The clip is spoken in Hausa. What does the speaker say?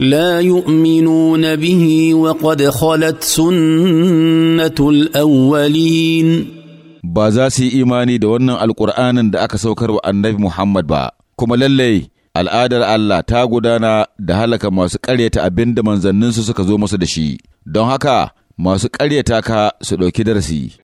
لا يؤمنون به وقد خلت سنة الأولين ba za su yi imani da wannan Alƙur'anin da aka saukar wa annabi Muhammad ba, kuma lallai al'adar Allah ta gudana da halaka masu ƙaryata abinda manzanninsu suka zo musu da shi, don haka masu ƙaryata ka su ɗauki darasi.